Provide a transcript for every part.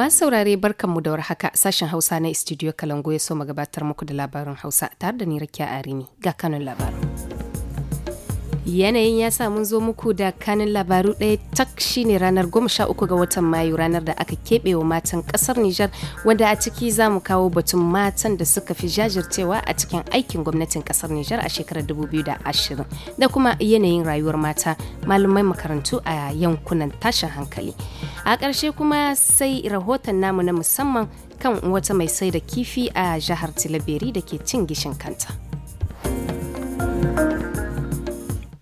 Masu saurare mu da warhaka sashen Hausa na Studio Kalango ya so gabatar muku da labarin Hausa tare da ni Rakiya Arimi ga kanun labarin. Yanayin ya sa mun zo muku da kanin labaru ɗaya tak shine ranar 13 ga watan Mayu ranar da aka keɓe wa matan ƙasar Nijar wanda a ciki za mu kawo batun matan da suka fi jajircewa a cikin aikin gwamnatin ƙasar Nijar a shekarar 2020 da kuma yanayin rayuwar mata malamai makarantu a yankunan tashin hankali. A ƙarshe kuma sai rahoton namu na musamman kan wata mai sai da kifi a jihar Tilaberi da ke cin gishin kanta.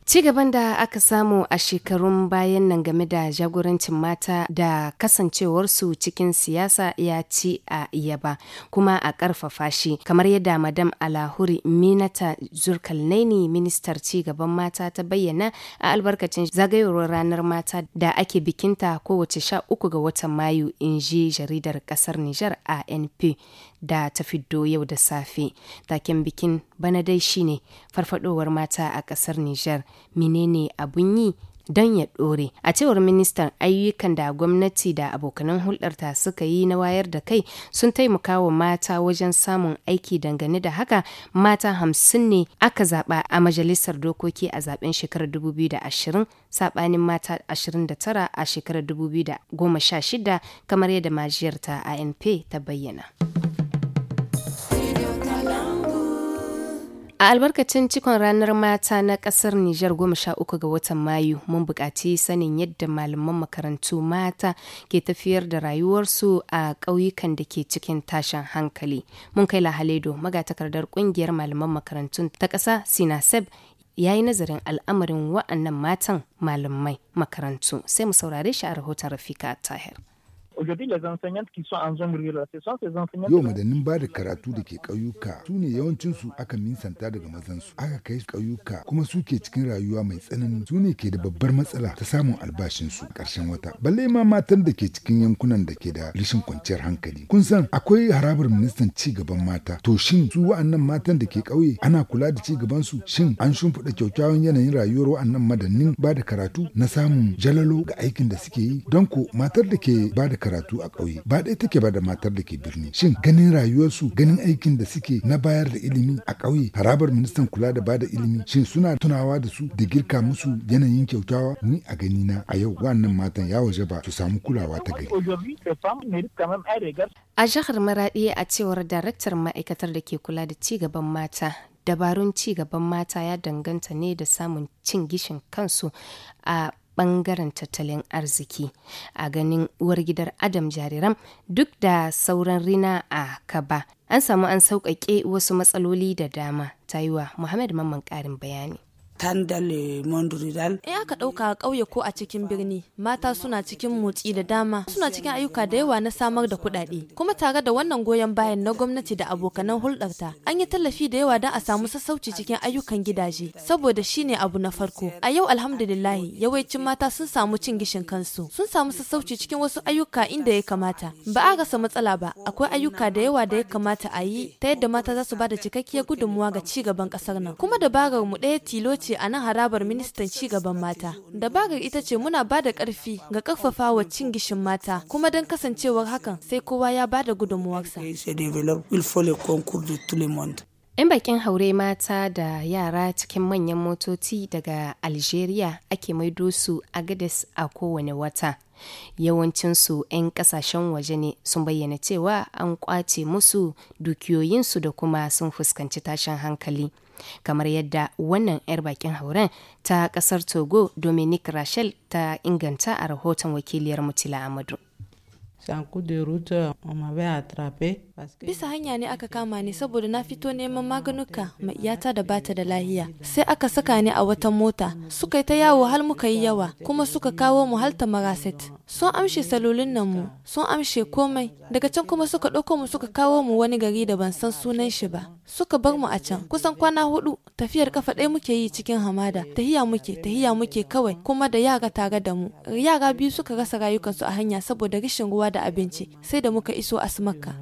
Ci gaban da aka samu a shekarun bayan nan game da jagorancin mata da kasancewarsu cikin siyasa ya ci a yaba kuma a ƙarfafa shi kamar yadda madam alahuri minata zurkalnaini ministar ci gaban mata ta bayyana a albarkacin zagayowar ranar mata da ake bikinta kowace sha uku ga watan mayu in ji jaridar ƙasar Nijar a NP da ta fiddo yau da safe. Taken bikin bana dai shine farfadowar mata a ƙasar Nijar. Menene abun yi don ya ɗore. A cewar ministan ayyukan da gwamnati da abokanan hulɗarta suka yi na wayar da kai sun taimaka wa mata wajen samun aiki dangane da haka mata hamsin ne aka zaɓa a majalisar dokoki a zaben shekarar 2020 saɓanin mata 29 a shekarar 2016 kamar yadda majiyarta ANP ta bayyana. A albarkacin cikon ranar mata na kasar Nijar goma sha uku ga watan Mayu mun buƙaci sanin yadda malaman makarantu mata ke tafiyar da rayuwarsu a ƙauyukan da ke cikin tashin hankali. Mun kai Lahaledo magatakardar ƙungiyar malaman makarantun ta ƙasa Sinaseb ya yi nazarin al'amarin wa'annan matan malamai makarantu sai mu saurare shi a rahoton Rafika Tahir. Yau madannin ba da karatu da ke ƙauyuka su ne yawancinsu aka minsanta daga mazan su, Aka kai ƙauyuka kuma su ke cikin rayuwa mai tsanani su ne ke da babbar matsala ta samun albashinsu karshen wata. Balle ma matan da ke cikin yankunan da ke da rishin kwanciyar hankali. Kun san akwai harabar ministan ci gaban mata. To shin su wa'annan matan da ke ƙauye ana kula da ci gaban su? shin an shimfiɗa kyakkyawan yanayin rayuwar wa'annan madannin ba da karatu na samun jalalo ga aikin da suke yi. Don ko matar da ke ba da karatu karatu a ƙauye ba ɗaya take ba da matar da ke birni shin ganin rayuwarsu ganin aikin da suke na bayar da ilimi a ƙauye harabar ministan kula da bada ilimi shin suna tunawa da su da girka musu yanayin kyautawa ni a gani na a yau wannan matan ya waje ba su samu kulawa ta gari a jihar maradi a cewar daraktar ma'aikatar da ke kula da ci gaban mata dabarun ci gaban mata ya danganta ne da samun cin gishin kansu a bangaren tattalin arziki a ganin uwar gidar adam jariram duk da sauran rina a kaba an samu an sauƙaƙe wasu matsaloli da dama ta yi wa muhammad mamman ƙarin bayani tandale mondridal. In aka ɗauka a ƙauye ko a cikin birni, mata suna cikin motsi da dama, suna cikin ayyuka da yawa na samar da kuɗaɗe. Kuma tare da wannan goyon bayan na gwamnati da abokanan hulɗarta, an yi tallafi da yawa don a samu sassauci cikin ayyukan gidaje, saboda shine abu na farko. A yau alhamdulillahi yawancin mata sun samu cin gishin kansu, sun samu sassauci cikin wasu ayyuka inda ya kamata. Ba a rasa matsala ba, akwai ayyuka da yawa da ya kamata a yi ta yadda mata za su ba da cikakkiyar gudunmuwa ga ci gaban ƙasar nan. Kuma dabarar mu ɗaya tilo ce a nan harabar ministan cigaban mata. da Dabarar ita ce muna ba da karfi ga ƙarfafawa cin gishin mata kuma don kasancewar hakan sai kowa ya ba da gudunmuwarsa. 'Yan bakin haure mata da yara cikin manyan motoci daga Algeria ake maido su a a kowane wata. Yawancinsu 'yan kasashen waje ne sun bayyana cewa an kwace musu dukiyoyinsu da kuma sun fuskanci tashin hankali. Kamar yadda wannan 'yar bakin hauren ta kasar Togo Dominic Rachel ta inganta a rahoton wakiliyar Mutila Amadu. Bisa hanya ne aka kama ni saboda na fito neman maganuka ma iyata da bata da lahiya. Sai aka saka ni a wata mota, suka yi ta yawo har muka yi yawa, kuma suka kawo mu halta maraset. Sun amshe salolin nan mu, sun amshe komai. Daga can kuma suka ɗauko mu suka kawo mu wani gari da ban san sunan shi ba. Suka bar mu a can, kusan kwana hudu, tafiyar kafa ɗaya muke yi cikin hamada. Tahiya muke, tahiya muke kawai, kuma da yara tare da mu. Yara biyu suka rasa rayukansu a hanya saboda rashin ruwa da da abinci sai da muka iso asmakka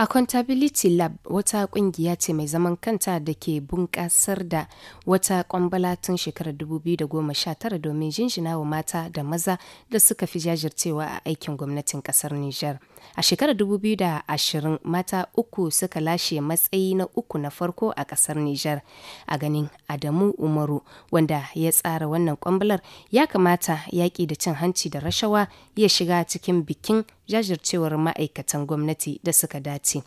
Accountability Lab wata kungiya ce mai zaman kanta da ke bunƙasar da wata kwambala tun shekarar 2019 domin jinjina wa mata da maza da suka fi jajircewa a aikin gwamnatin ƙasar Nijar. A shekarar 2020 mata uku suka lashe matsayi na uku na farko a ƙasar Nijar. A ganin Adamu Umaru wanda ya tsara wannan kwambalar ya kamata yaƙi da cin hanci da rashawa ya shiga cikin bikin jajircewar ma'aikatan gwamnati da suka dace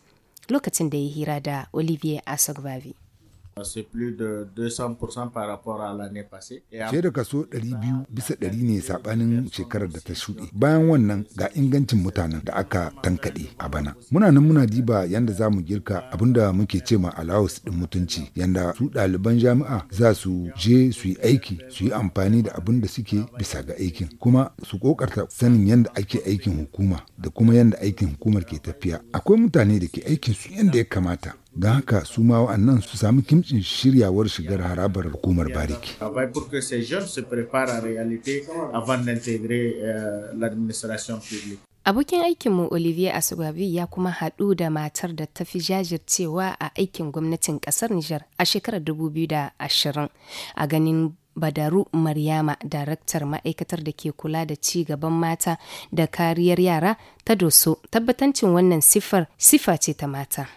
lokacin da ya hira da olivier asogbavi C'est plus de 200% par rapport à l'année passée. Fiye da kaso 200 bisa 100 ne sabanin shekarar da ta shuɗe. Bayan wannan ga ingancin mutanen da aka tankaɗe a bana. Muna nan muna diba yanda za mu girka abinda muke ce ma allowance ɗin mutunci yanda su ɗaliban jami'a za su je su yi aiki su yi amfani da abin da suke bisa ga aikin kuma su ƙoƙarta sanin yadda ake aikin hukuma da kuma yadda aikin hukumar ke tafiya akwai mutane da ke aikin su yadda ya kamata don haka su ma wa'annan su sami kimcin shiryawar shigar harabar hukumar bariki. Euh, Abokin aikinmu Olivier Asubabi ya kuma haɗu da matar da ta fi jajircewa a aikin gwamnatin ƙasar Nijar a shekarar 2020 a ganin Badaru Maryama, daraktar ma'aikatar da ke kula da ci gaban mata da kariyar yara ta doso, tabbatancin wannan sifar sifa ce ta mata.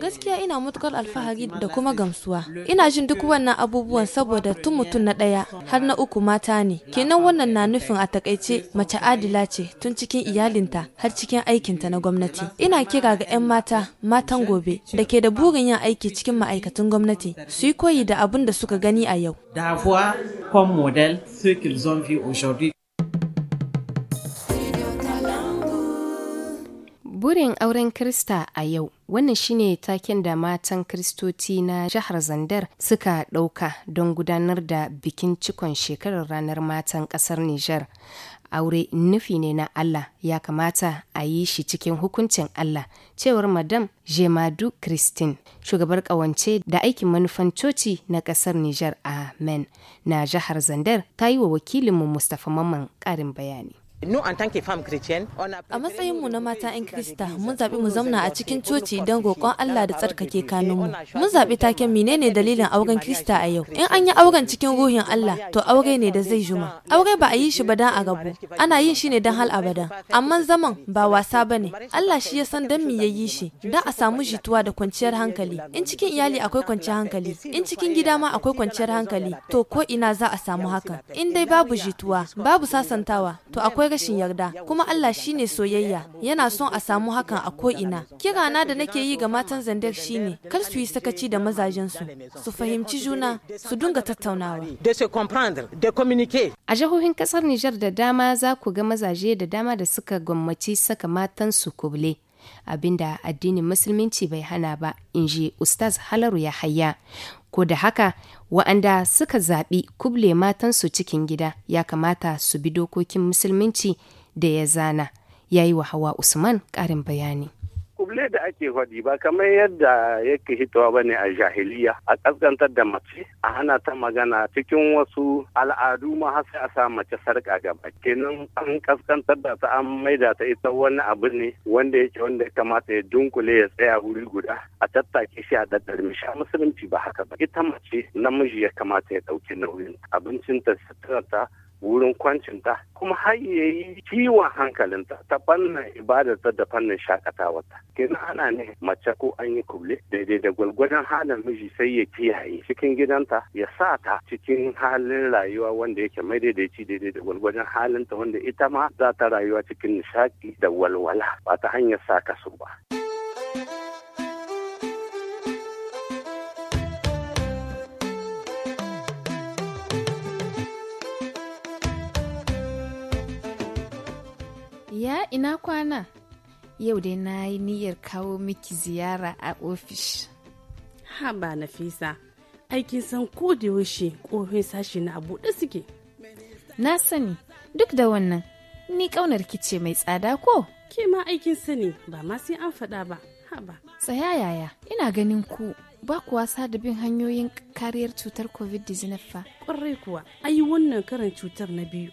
Gaskiya ina matukar alfahari da kuma gamsuwa. Ina jin duk wannan abubuwan saboda tun mutum na ɗaya har na uku mata ne. Kenan wannan na nufin a takaice mace adila ce tun cikin iyalinta har cikin aikinta na gwamnati. Ina kira ga 'yan mata, matan gobe, da ke da burin yin aiki cikin ma'aikatan gwamnati su yi koyi da abin da suka gani a yau. Burin auren Krista a yau wannan shine taken da matan Kristoci na jihar Zandar suka ɗauka don gudanar da bikin cikon shekarar ranar matan ƙasar Nijar. Aure nufi ne na Allah ya kamata a yi shi cikin hukuncin Allah cewar Madam Jemadu Christine shugabar ƙawance da aikin manufan coci na ƙasar Nijar amen na jihar Zandar ta yi wa wakilinmu Mustapha Mamman ƙarin bayani. A matsayinmu na mata 'yan Krista, mun zaɓi mu zamna a cikin coci don roƙon Allah da tsarkake kanunmu. Mun zaɓi taken menene dalilin auren Krista a yau. In an yi auren cikin ruhin Allah, to aure ne da zai juma. Aure ba a yi shi ba dan a gabu, ana yin shi ne don hal abada. Amma zaman ba wasa ba ne. Allah shi ya san Dan mi ya yi shi, don a samu jituwa da kwanciyar hankali. In cikin iyali akwai kwanciyar hankali, in cikin gida ma akwai kwanciyar hankali, to ko ina za a samu hakan. In dai babu jituwa, babu sasantawa, to akwai rashin yarda kuma Allah shine soyayya yana son a samu hakan a ko kira kirana da nake yi ga matan zandar shine kar su yi sakaci da mazajensu su fahimci juna su dunga tattaunawa a jihohin kasar Nijar da dama za ku ga mazaje da dama da suka gwammaci saka matan su kubule abinda addinin musulminci bai hana ba in ji ustaz halaru ya haya Ko da haka, wa'anda suka zaɓi kuble matansu cikin gida ya kamata su bi dokokin musulminci da ya zana. Ya yi wa Hawa Usman ƙarin bayani. labule da ake faɗi ba kamar yadda yake hitowa ba ne a jahiliya a ƙasƙantar da mace a hana ta magana cikin wasu al'adu ma har sai a sa mace sarƙa gaba kenan an ƙasƙantar da ta an maida ta ita wani abu ne wanda yake wanda ya kamata ya dunkule ya tsaya wuri guda a tattake shi a daddare sha musulunci ba haka ba ita mace namiji ya kamata ya ɗauki nauyin abincinta ta. wurin kwancinta kuma har ya yi kiwon hankalinta ta fannin ta da fannin shakatawarta Kina ana ne mace ko an yi kuble daidai da gwalgwadon halin miji sai ya kiyaye cikin gidanta ya sa ta cikin halin rayuwa wanda yake mai daidaici daidai da gwalgwadon halinta wanda ita ma za ta rayuwa cikin nishaɗi da walwala ba ta hanyar sa kaso ba. Ya ina kwana? Yau dai na yi niyyar kawo miki ziyara a ofis. Ha ba Nafisa, aikin san ko da yaushe ƙofin sashi na buɗe suke. Na sani, duk da wannan, ni ƙaunar ce mai tsada ko? Ke ma aikin sani ba ma sai an faɗa ba, ha ba. Tsaya yaya, ina ganin ku ba kuwa da bin hanyoyin kariyar cutar covid-19 fa. Ƙwarai kuwa, ayi wannan karin cutar na biyu.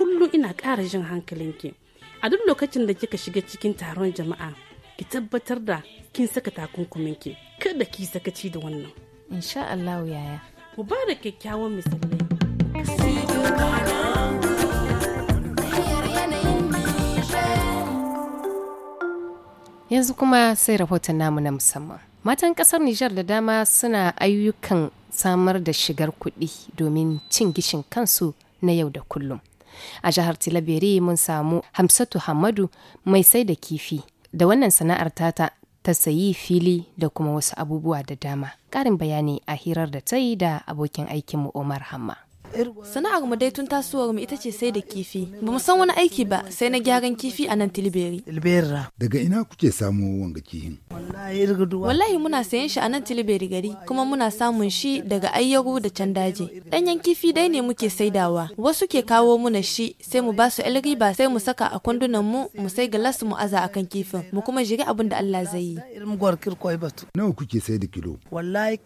kullum ina ƙara jin hankalinki a duk lokacin da kika shiga cikin taron jama'a ki tabbatar da kin saka takunkuminki kada ki sakaci da wannan insha Allah yaya ku ba da kyakkyawan misalai yanzu kuma sai rahoton namu na musamman matan kasar nijar da dama suna ayyukan samar da shigar kuɗi domin cin gishin kansu na yau da kullum A jihar Tilaberi mun samu Hamsatu Hamadu mai sai da kifi. Da wannan sana'ar tata ta sayi fili da kuma wasu abubuwa da dama. Ƙarin bayani a hirar da ta yi da abokin aikinmu Omar Hamma. Sana'ar mu dai tun tasowar mu ita ce sai da kifi. Ba san wani aiki ba sai na gyaran kifi a nan Tilberi. Daga ina kuke samu wanga kihin? Wallahi muna sayan shi a nan Tilberi gari kuma muna samun shi daga ayyaru da can daji. Danyen kifi dai ne muke saidawa. Wasu ke kawo muna shi sai mu basu su riba sai mu saka a kwandunan mu mu sai galas mu aza akan kifin mu kuma jiri abin da Allah zai yi. Nawa kuke sai kilo? Wallahi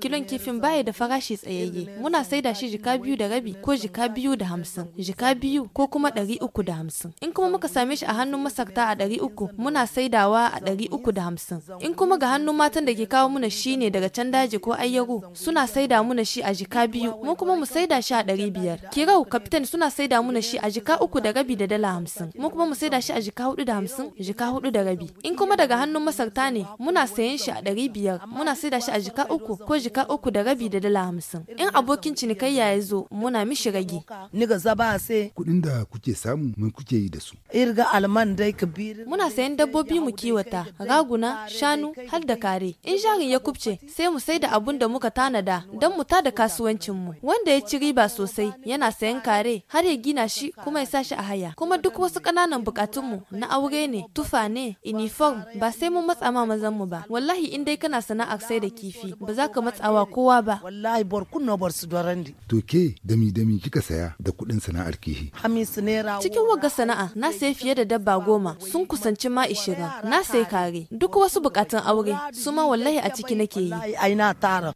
kilon kifin baya da farashi tsayayye. ana saida shi jika biyu da rabi ko jika biyu da hamsin jika biyu ko kuma ɗari uku da hamsin in kuma muka same shi a hannun masarta a ɗari uku muna saidawa a ɗari uku da hamsin in kuma ga hannun matan da ke kawo muna shi ne daga can daji ko ayyaru suna saida muna shi a jika biyu mu kuma mu saida shi a ɗari biyar kirau kapitan suna saida muna shi a jika uku da rabi da dala hamsin mu kuma mu saida shi a jika hudu da hamsin jika hudu da rabi in kuma daga hannun masarta ne muna sayan shi a ɗari biyar muna saida shi a jika uku ko jika uku da rabi da dala hamsin in abokin abokin cinikayya ya zo muna mishi rage. Ni ga zaba sai. Kuɗin da kuke samu mun kuke yi da su. Irga alman dai kabir. Muna sayan dabbobi mu kiwata, raguna, shanu, har da kare. In jarin ya kubce sai mu sai da abun da muka tanada don mu ta da kasuwancin mu. Wanda ya ci riba sosai yana sayan kare har ya gina shi kuma ya sa shi a haya. Kuma duk wasu ƙananan bukatunmu na aure ne, tufa ne, uniform ba sai mun matsa ma mazan mu ba. Wallahi in dai kana sana'ar sai da kifi ba za ka matsawa kowa ba. Wallahi na bar dorandi. To ke dami dami kika saya da kuɗin sana'ar kihi. Hamisu naira. Cikin wagga sana'a na sayi fiye da dabba goma sun kusanci ma ishirin na sayi kare duk wasu bukatun aure su ma wallahi a ciki nake yi.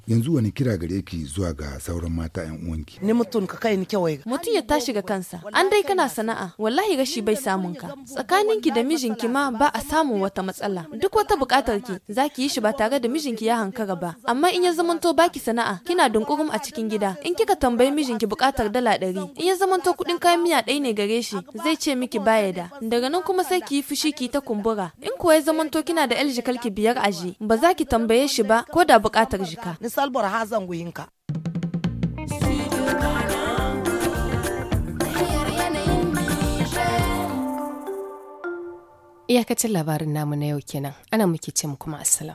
Yanzu wani kira gare ki zuwa ga sauran mata 'yan uwanki. Ni mutum ka kai ni kyawai. Mutum ya tashi ga kansa an dai kana sana'a wallahi rashi bai samun ka tsakaninki da mijinki ma ba a samun wata matsala duk wata bukatar ki zaki yi shi ba tare da mijinki ya hankara ba amma in ya zamanto baki sana'a kina dunkurum a cikin gida in kika tambayi mijinki bukatar dala ɗari in ya zamanto kuɗin kayan miya ɗaya ne gare shi zai ce miki baya da daga nan kuma sai ki yi fushi ki ta kumbura in kuwa ya zamanto kina da yar ki biyar aji ba za ki tambaye shi ba ko da bukatar jika. Nisalbar hazan guyinka. Iyakacin labarin namu na yau kenan, ana muke ce mu kuma assalam.